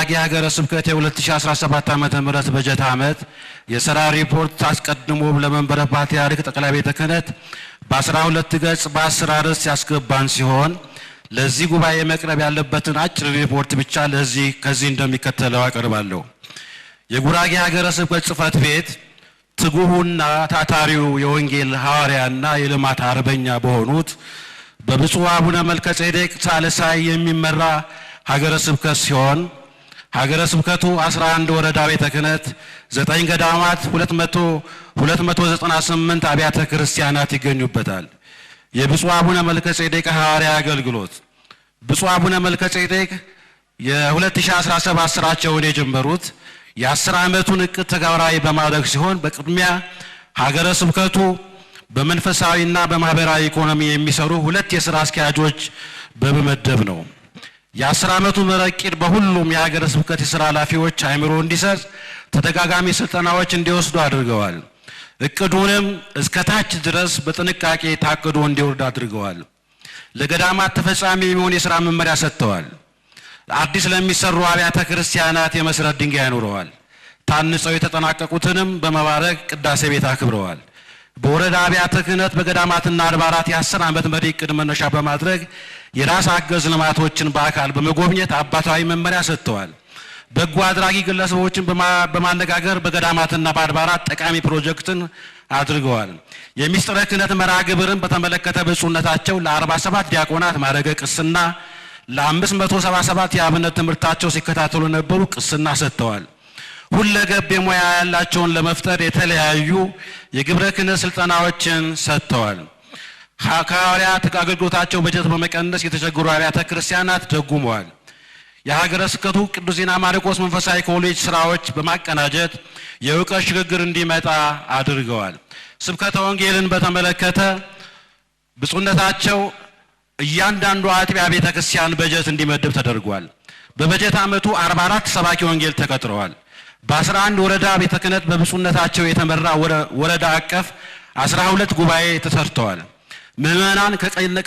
የጉራጌ ሀገረ ስብከት የ2017 ዓ ም በጀት ዓመት የሥራ ሪፖርት አስቀድሞ ለመንበረ ፓትርያርክ ጠቅላይ ቤተ ክህነት በ12 ገጽ በ10 አርዕስት ያስገባን ሲሆን ለዚህ ጉባኤ መቅረብ ያለበትን አጭር ሪፖርት ብቻ ለዚህ ከዚህ እንደሚከተለው አቀርባለሁ። የጉራጌ ሀገረ ስብከት ጽሕፈት ቤት ትጉሁና ታታሪው የወንጌል ሐዋርያና የልማት አርበኛ በሆኑት በብፁዕ አቡነ መልከ ጼዴቅ ሳልሳይ የሚመራ ሀገረ ስብከት ሲሆን ሀገረ ስብከቱ 11 ወረዳ ቤተ ክህነት፣ 9 ገዳማት፣ 298 አብያተ ክርስቲያናት ይገኙበታል። የብፁዕ አቡነ መልከ ጼዴቅ ሐዋርያ አገልግሎት ብፁዕ አቡነ መልከ ጼዴቅ የ2017 ስራቸውን የጀመሩት የ10 ዓመቱን እቅድ ተግባራዊ በማድረግ ሲሆን በቅድሚያ ሀገረ ስብከቱ በመንፈሳዊና በማህበራዊ ኢኮኖሚ የሚሰሩ ሁለት የሥራ አስኪያጆች በመመደብ ነው። የአስር ዓመቱ መረቂድ በሁሉም የሀገረ ስብከት የስራ ኃላፊዎች አይምሮ እንዲሰጥ ተደጋጋሚ ስልጠናዎች እንዲወስዱ አድርገዋል። እቅዱንም እስከ ታች ድረስ በጥንቃቄ ታቅዶ እንዲወርድ አድርገዋል። ለገዳማት ተፈጻሚ የሚሆን የስራ መመሪያ ሰጥተዋል። አዲስ ለሚሰሩ አብያተ ክርስቲያናት የመሰረት ድንጋይ ያኖረዋል። ታንጸው የተጠናቀቁትንም በመባረክ ቅዳሴ ቤት አክብረዋል። በወረዳ አብያተ ክህነት በገዳማትና አድባራት የአስር ዓመት መሪ እቅድ መነሻ በማድረግ የራስ አገዝ ልማቶችን በአካል በመጎብኘት አባታዊ መመሪያ ሰጥተዋል። በጎ አድራጊ ግለሰቦችን በማነጋገር በገዳማትና በአድባራት ጠቃሚ ፕሮጀክትን አድርገዋል። የሚስጥረ ክህነት መርሃ ግብርን በተመለከተ ብፁዕነታቸው ለ47 ዲያቆናት ማዕረገ ቅስና፣ ለ577 የአብነት ትምህርታቸው ሲከታተሉ የነበሩ ቅስና ሰጥተዋል። ሁለገብ የሙያ ያላቸውን ለመፍጠር የተለያዩ የግብረ ክህነት ስልጠናዎችን ሰጥተዋል። ከሐዋርያት አገልግሎታቸው በጀት በመቀነስ የተቸገሩ አብያተ ክርስቲያናት ደጉመዋል። የሀገረ ስብከቱ ቅዱስ ዜና ማርቆስ መንፈሳዊ ኮሌጅ ስራዎች በማቀናጀት የእውቀት ሽግግር እንዲመጣ አድርገዋል። ስብከተ ወንጌልን በተመለከተ ብፁዕነታቸው እያንዳንዱ አጥቢያ ቤተ ክርስቲያን በጀት እንዲመድብ ተደርጓል። በበጀት ዓመቱ 44 ሰባኪ ወንጌል ተቀጥረዋል። በ11 ወረዳ ቤተ ክህነት በብፁዕነታቸው የተመራ ወረዳ አቀፍ 12 ጉባኤ ተሰርተዋል። ምዕመናን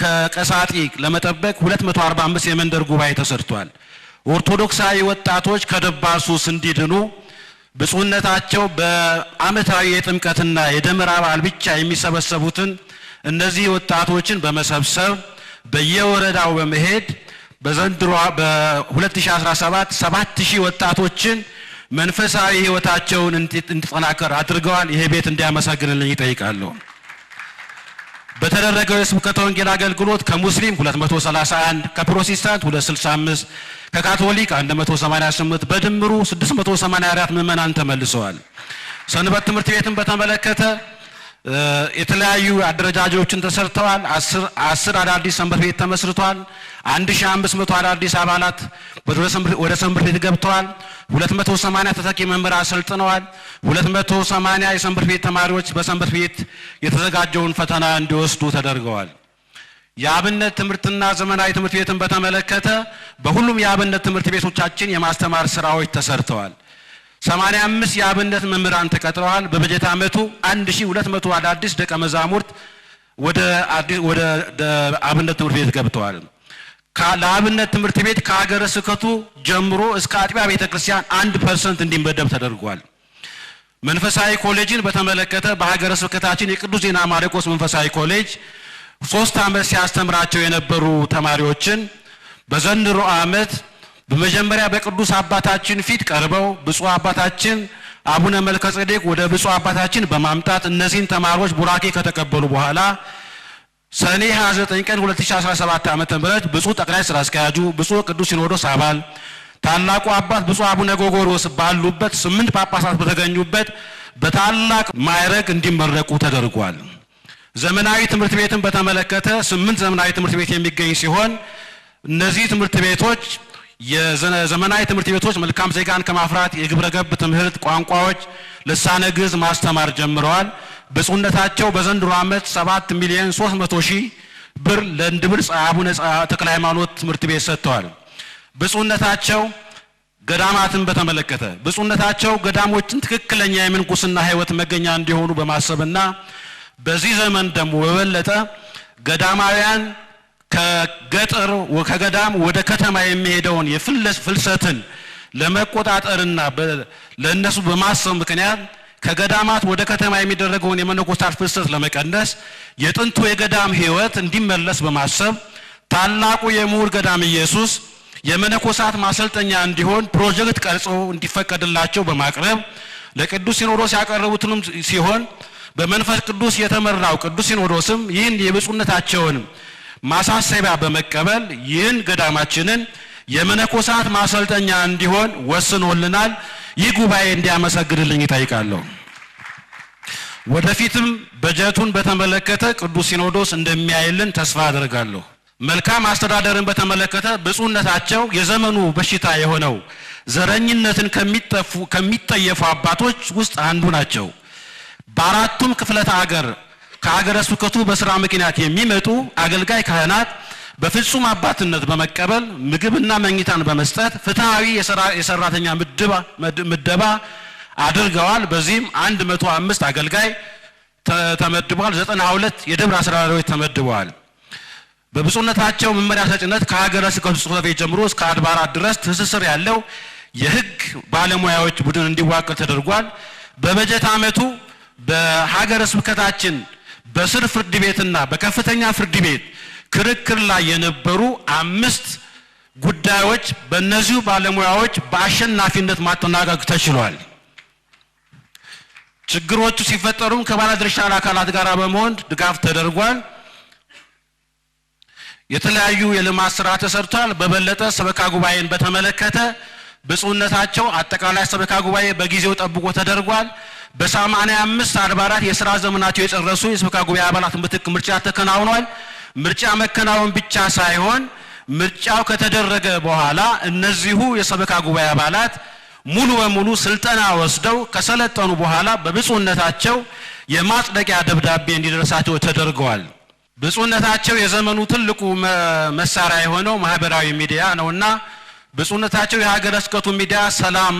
ከቀሳጢ ለመጠበቅ 245 የመንደር ጉባኤ ተሰርቷል። ኦርቶዶክሳዊ ወጣቶች ከደባሱ ሱስ እንዲድኑ ብፁዕነታቸው በዓመታዊ የጥምቀትና የደመራ በዓል ብቻ የሚሰበሰቡትን እነዚህ ወጣቶችን በመሰብሰብ በየወረዳው በመሄድ በዘንድሮ በ2017 7000 ወጣቶችን መንፈሳዊ ሕይወታቸውን እንዲጠናከር አድርገዋል። ይሄ ቤት እንዲያመሰግንልኝ ይጠይቃለሁ። በተደረገው የስብከተ ወንጌል አገልግሎት ከሙስሊም 231 ከፕሮቴስታንት 265 ከካቶሊክ 188 በድምሩ 684 ምዕመናን ተመልሰዋል። ሰንበት ትምህርት ቤትን በተመለከተ የተለያዩ አደረጃጆችን ተሰርተዋል። አስር አዳዲስ ሰንበት ቤት ተመስርቷል። 1500 አዳዲስ አባላት ወደ ሰንበት ቤት ገብተዋል። 280 ተተኪ መምህር አሰልጥነዋል። 280 የሰንበት ቤት ተማሪዎች በሰንበት ቤት የተዘጋጀውን ፈተና እንዲወስዱ ተደርገዋል። የአብነት ትምህርትና ዘመናዊ ትምህርት ቤትን በተመለከተ በሁሉም የአብነት ትምህርት ቤቶቻችን የማስተማር ስራዎች ተሰርተዋል። 85 የአብነት መምህራን ተቀጥረዋል። በበጀት ዓመቱ 1200 አዳዲስ ደቀ መዛሙርት ወደ አብነት ትምህርት ቤት ገብተዋል። ለአብነት ትምህርት ቤት ከሀገረ ስብከቱ ጀምሮ እስከ አጥቢያ ቤተ ክርስቲያን አንድ ፐርሰንት እንዲመደብ ተደርጓል። መንፈሳዊ ኮሌጅን በተመለከተ በሀገረ ስብከታችን የቅዱስ ዜና ማርቆስ መንፈሳዊ ኮሌጅ ሶስት ዓመት ሲያስተምራቸው የነበሩ ተማሪዎችን በዘንድሮ ዓመት በመጀመሪያ በቅዱስ አባታችን ፊት ቀርበው ብፁዕ አባታችን አቡነ መልከ ወደ ብፁዕ አባታችን በማምጣት እነዚህን ተማሪዎች ቡራኬ ከተቀበሉ በኋላ ሰኔ 29 ቀን 2017 ዓመተ ምህረት ብፁዕ ጠቅላይ ስራ አስኪያጁ ብፁዕ ቅዱስ ሲኖዶስ አባል ታላቁ አባት ብፁዕ አቡነ ጎርጎርዮስ ባሉበት ስምንት ጳጳሳት በተገኙበት በታላቅ ማዕረግ እንዲመረቁ ተደርጓል። ዘመናዊ ትምህርት ቤትን በተመለከተ ስምንት ዘመናዊ ትምህርት ቤት የሚገኝ ሲሆን እነዚህ ትምህርት ቤቶች የዘመናዊ ትምህርት ቤቶች መልካም ዜጋን ከማፍራት የግብረገብ ትምህርት ቋንቋዎች፣ ልሳነ ግዕዝ ማስተማር ጀምረዋል። ብፁዕነታቸው በዘንድሮ ዓመት 7 ሚሊዮን 300 ሺህ ብር ለእንድብር አቡነ ተክለ ሃይማኖት ትምህርት ቤት ሰጥተዋል። ብፁዕነታቸው ገዳማትን በተመለከተ ብፁዕነታቸው ገዳሞችን ትክክለኛ የምንኩስና ሕይወት መገኛ እንዲሆኑ በማሰብና በዚህ ዘመን ደግሞ በበለጠ ገዳማውያን ከገጠር ከገዳም ወደ ከተማ የሚሄደውን የፍልሰትን ለመቆጣጠርና ለእነሱ በማሰብ ምክንያት ከገዳማት ወደ ከተማ የሚደረገውን የመነኮሳት ፍሰት ለመቀነስ የጥንቱ የገዳም ሕይወት እንዲመለስ በማሰብ ታላቁ የምሁር ገዳም ኢየሱስ የመነኮሳት ማሰልጠኛ እንዲሆን ፕሮጀክት ቀርጾ እንዲፈቀድላቸው በማቅረብ ለቅዱስ ሲኖዶስ ያቀረቡትንም ሲሆን በመንፈስ ቅዱስ የተመራው ቅዱስ ሲኖዶስም ይህን የብፁዕነታቸውን ማሳሰቢያ በመቀበል ይህን ገዳማችንን የመነኮሳት ማሰልጠኛ እንዲሆን ወስኖልናል። ይህ ጉባኤ እንዲያመሰግንልኝ ይጠይቃለሁ። ወደፊትም በጀቱን በተመለከተ ቅዱስ ሲኖዶስ እንደሚያይልን ተስፋ አድርጋለሁ። መልካም አስተዳደርን በተመለከተ ብፁዕነታቸው የዘመኑ በሽታ የሆነው ዘረኝነትን ከሚጠየፉ አባቶች ውስጥ አንዱ ናቸው። በአራቱም ክፍለት አገር ከሀገረ ስብከቱ በስራ ምክንያት የሚመጡ አገልጋይ ካህናት በፍጹም አባትነት በመቀበል ምግብና መኝታን በመስጠት ፍትሐዊ የሰራተኛ ምደባ አድርገዋል። በዚህም 105 አገልጋይ ተመድበዋል። 92 የደብር አስተዳዳሪዎች ተመድበዋል። በብፁዕነታቸው መመሪያ ሰጭነት ከሀገረ ስብከቱ ጽሕፈት ቤት ጀምሮ እስከ አድባራት ድረስ ትስስር ያለው የሕግ ባለሙያዎች ቡድን እንዲዋቀር ተደርጓል። በበጀት ዓመቱ በሀገረ ስብከታችን በስር ፍርድ ቤትና በከፍተኛ ፍርድ ቤት ክርክር ላይ የነበሩ አምስት ጉዳዮች በእነዚሁ ባለሙያዎች በአሸናፊነት ማጠናቀቅ ተችሏል። ችግሮቹ ሲፈጠሩም ከባለድርሻ አካላት ጋር በመሆን ድጋፍ ተደርጓል። የተለያዩ የልማት ስራ ተሰርቷል። በበለጠ ሰበካ ጉባኤን በተመለከተ ብፁዕነታቸው አጠቃላይ ሰበካ ጉባኤ በጊዜው ጠብቆ ተደርጓል። በሰማንያ አምስት የስራ ዘመናቸው የጨረሱ የስብካ ጉባኤ አባላት ምትክ ምርጫ ተከናውኗል። ምርጫ መከናወን ብቻ ሳይሆን ምርጫው ከተደረገ በኋላ እነዚሁ የሰበካ ጉባኤ አባላት ሙሉ በሙሉ ስልጠና ወስደው ከሰለጠኑ በኋላ በብፁዕነታቸው የማጽደቂያ ደብዳቤ እንዲደርሳቸው ተደርገዋል። ብፁዕነታቸው የዘመኑ ትልቁ መሳሪያ የሆነው ማህበራዊ ሚዲያ ነውና ብፁዕነታቸው የሀገረ ስብከቱ ሚዲያ ሰላም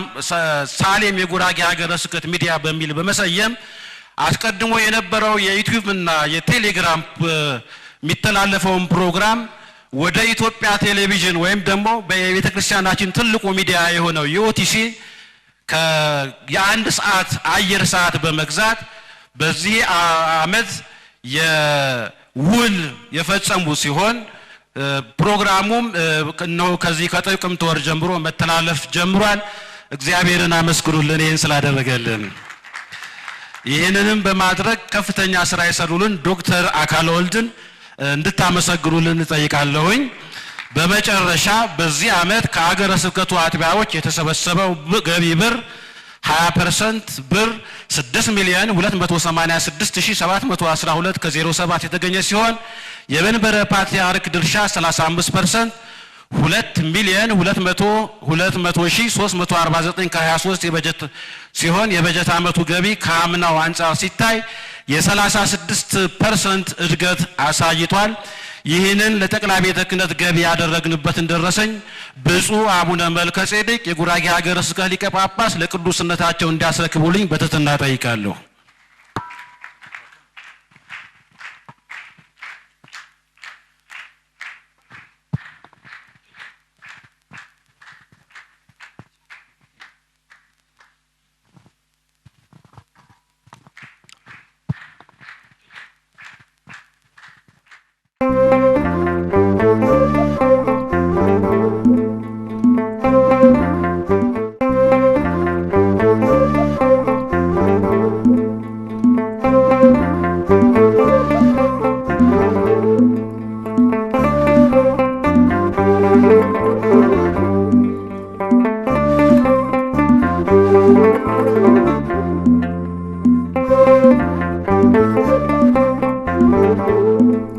ሳሌም የጉራጌ ሀገረ ስብከት ሚዲያ በሚል በመሰየም አስቀድሞ የነበረው የዩቲዩብ እና የቴሌግራም የሚተላለፈውን ፕሮግራም ወደ ኢትዮጵያ ቴሌቪዥን ወይም ደግሞ በቤተ ክርስቲያናችን ትልቁ ሚዲያ የሆነው የኦቲሲ የአንድ ሰዓት አየር ሰዓት በመግዛት በዚህ ዓመት የውል የፈጸሙ ሲሆን ፕሮግራሙም ነው ከዚህ ከጥቅምት ወር ጀምሮ መተላለፍ ጀምሯል። እግዚአብሔርን አመስግኑልን ይህን ስላደረገልን። ይህንንም በማድረግ ከፍተኛ ስራ የሰሩልን ዶክተር አካል ወልድን እንድታመሰግኑልን እጠይቃለሁኝ። በመጨረሻ በዚህ ዓመት ከአገረ ስብከቱ አጥቢያዎች የተሰበሰበው ገቢ ብር 20 ፐርሰንት ብር 6 ሚሊዮን 286,712 ከ07 የተገኘ ሲሆን የመንበረ ፓትርያርክ ድርሻ 35 ፐርሰንት 2 ሚሊዮን 349 ከ23 የበጀት ሲሆን የበጀት ዓመቱ ገቢ ከአምናው አንጻር ሲታይ የ36 ፐርሰንት እድገት አሳይቷል። ይህንን ለጠቅላይ ቤተ ክህነት ገቢ ያደረግንበትን ደረሰኝ ብፁዕ አቡነ መልከ ጼዴቅ የጉራጌ ሀገረ ስብከት ሊቀ ጳጳስ ለቅዱስነታቸው እንዲያስረክቡልኝ በትህትና ጠይቃለሁ። Thank you.